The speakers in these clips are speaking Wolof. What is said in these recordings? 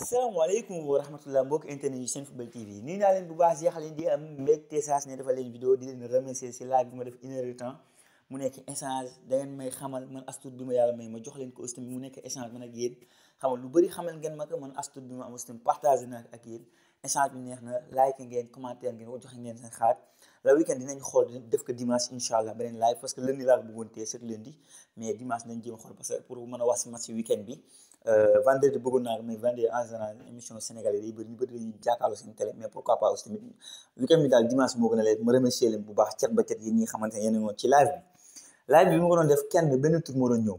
السلام عليكم ورحمة الله مبارك إنتن يوسف بل تي في نين علم بباس يا خلين دي أم ميك تيساس نرفع لين فيديو دي لين رمي سي سي لايك مرف إنر ريتان مونيك إنسانز دين مي خمال من أستود بما يالا مي مجوخ لين كو أستمي مونيك إنسانز من أجيب xam nga lu bëri xamal ngeen ma ko man astut bi ma muslim partagé naa ak yéen mu ko doon def kenn benn tur ñëw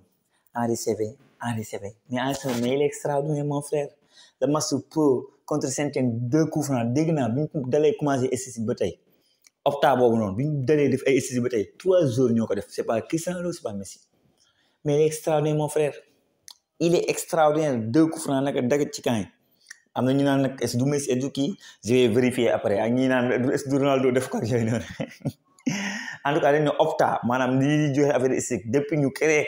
en recevait, en recevait. Mais en recevait, mais il est extraordinaire, mon frère. Le match pro contre saint deux coups francs dégg naa bi ñu dalee commencé esthétique ba tey opta boobu noonu bi ñu dalee def ay esthétique ba tey trois jours ñoo ko def c'est pas Cristiano Ronaldo mais il est extraordinaire mon frère il est extraordinaire deux coups francs naka dagat ci kan am na ñu naan nag est-ce du Messi est-ce kii je vais vérifier après ak ñi naan est du Ronaldo def ko ak yooyu noonu en tout cas dañ ne opta maanaam li ñuy joxe affaire depuis ñu créé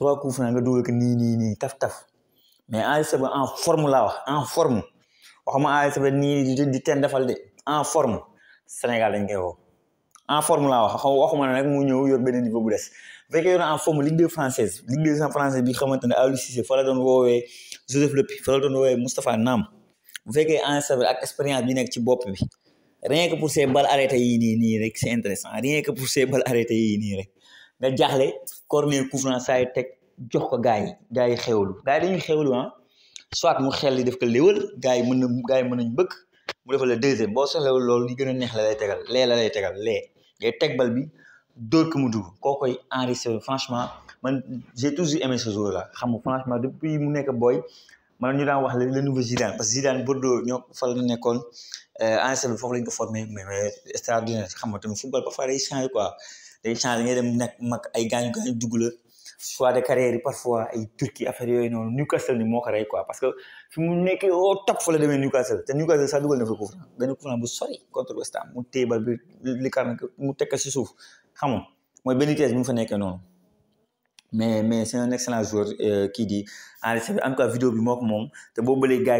trois coups francs nga dugal ko nii nii nii taf taf mais ASC ba en forme laa wax en forme waxuma ASC ba nii di di ten defal de en forme Sénégal dañ koy woo en forme laa wax waxuma ne nag mu ñëw yor benn niveau bu des bu fekkee yor en forme Ligue 2 française Ligue 2 française bi xamante ne Aliou Cissé fa la doon woowee Joseph Lepi fa la doon woowee Moustapha naam bu fekkee ASC ba ak expérience bi nekk ci bopp bi rien que pour ces balles arrêtées yii nii nii rek c'est intéressant rien que pour ces balles nii rek. nga jaxlé corner coup franc saa tek jox ko gaay gaay xewlu gaay dañu xewlu han soit mu xel li def ko léwal gaay yi gaay na gars yi mu defal la deuxième bo soxla lool li gëna neex la lay tegal lé la lay tegal lé ngay tek bal bi dóor ko mu dugg kokoy henri sew franchement man j'ai toujours aimé ce joueur là xam nga franchement depuis mu nekk boy man ñu daan wax le nouveau Zidane parce que Zidane Bordeaux ñoo fa la nekkon euh henri sew fofu lañ ko formé mais extraordinaire xam nga tamit football parfois day changer quoi day changé ngay dem nekk mag ay soit de carrière parfois ay Turquie affaire yooyu noonu Newcastle ni moo ko rey quoi parce que fi mu au top fa la Newcastle te Newcastle ça, dugal na fa coup benn coup bu sori contre West Ham mu téye bi li mu si suuf fa mais mais c'est un excellent joueur dit euh, di en tout cas vidéo bi moo ko moom te les gars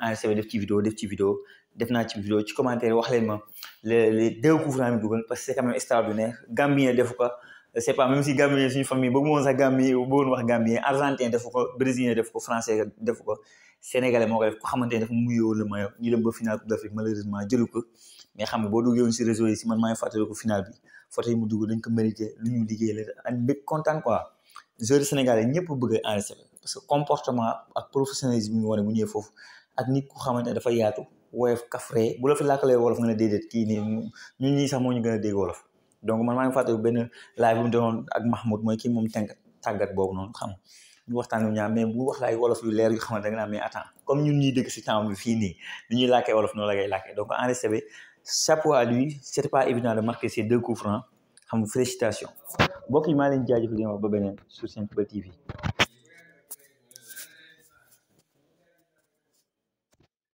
enregistré def ci vidéo def ci vidéo def naa ci vidéo ci commentaire wax leen ma les deux coups francs dugal parce que c'est quand même extraordinaire Gambien defu ko c'est pas même si Gambien suñu famille bëgg moon sax Gambien bëggoon wax Gambien Argentin defu ko Brésilien defu ko Français defu ko Sénégalais moo ko def ko xamante ne dafa muyoo la mayo ñu dem ba final Coupe d'Afrique malheureusement jëlu ko mais xam nga boo duggee woon si réseau yi si man maa ngi fàttali ko final bi photo yi mu dugg dañ ko mérité lu ñu liggéey la ak mbég kontaan quoi joueur sénégalais ñëpp bëgg a enregistré parce que comportement ak professionnalisme yi ñu wane bu ñëwee foofu ak nit ku xamante dafa yaatu woyof bu la fi làkkalee wolof nga ne déedéet kii ñun ñii sax donc man bu Mahmoud mooy kii moom tàggat boobu xam ñu mais bu wax laay mais attends comme ñun temps bi wolof donc chapeau à lui c'était pas évident de marquer ces deux coups francs xam félicitations mbokk yi maa leen jaajëfal di ba TV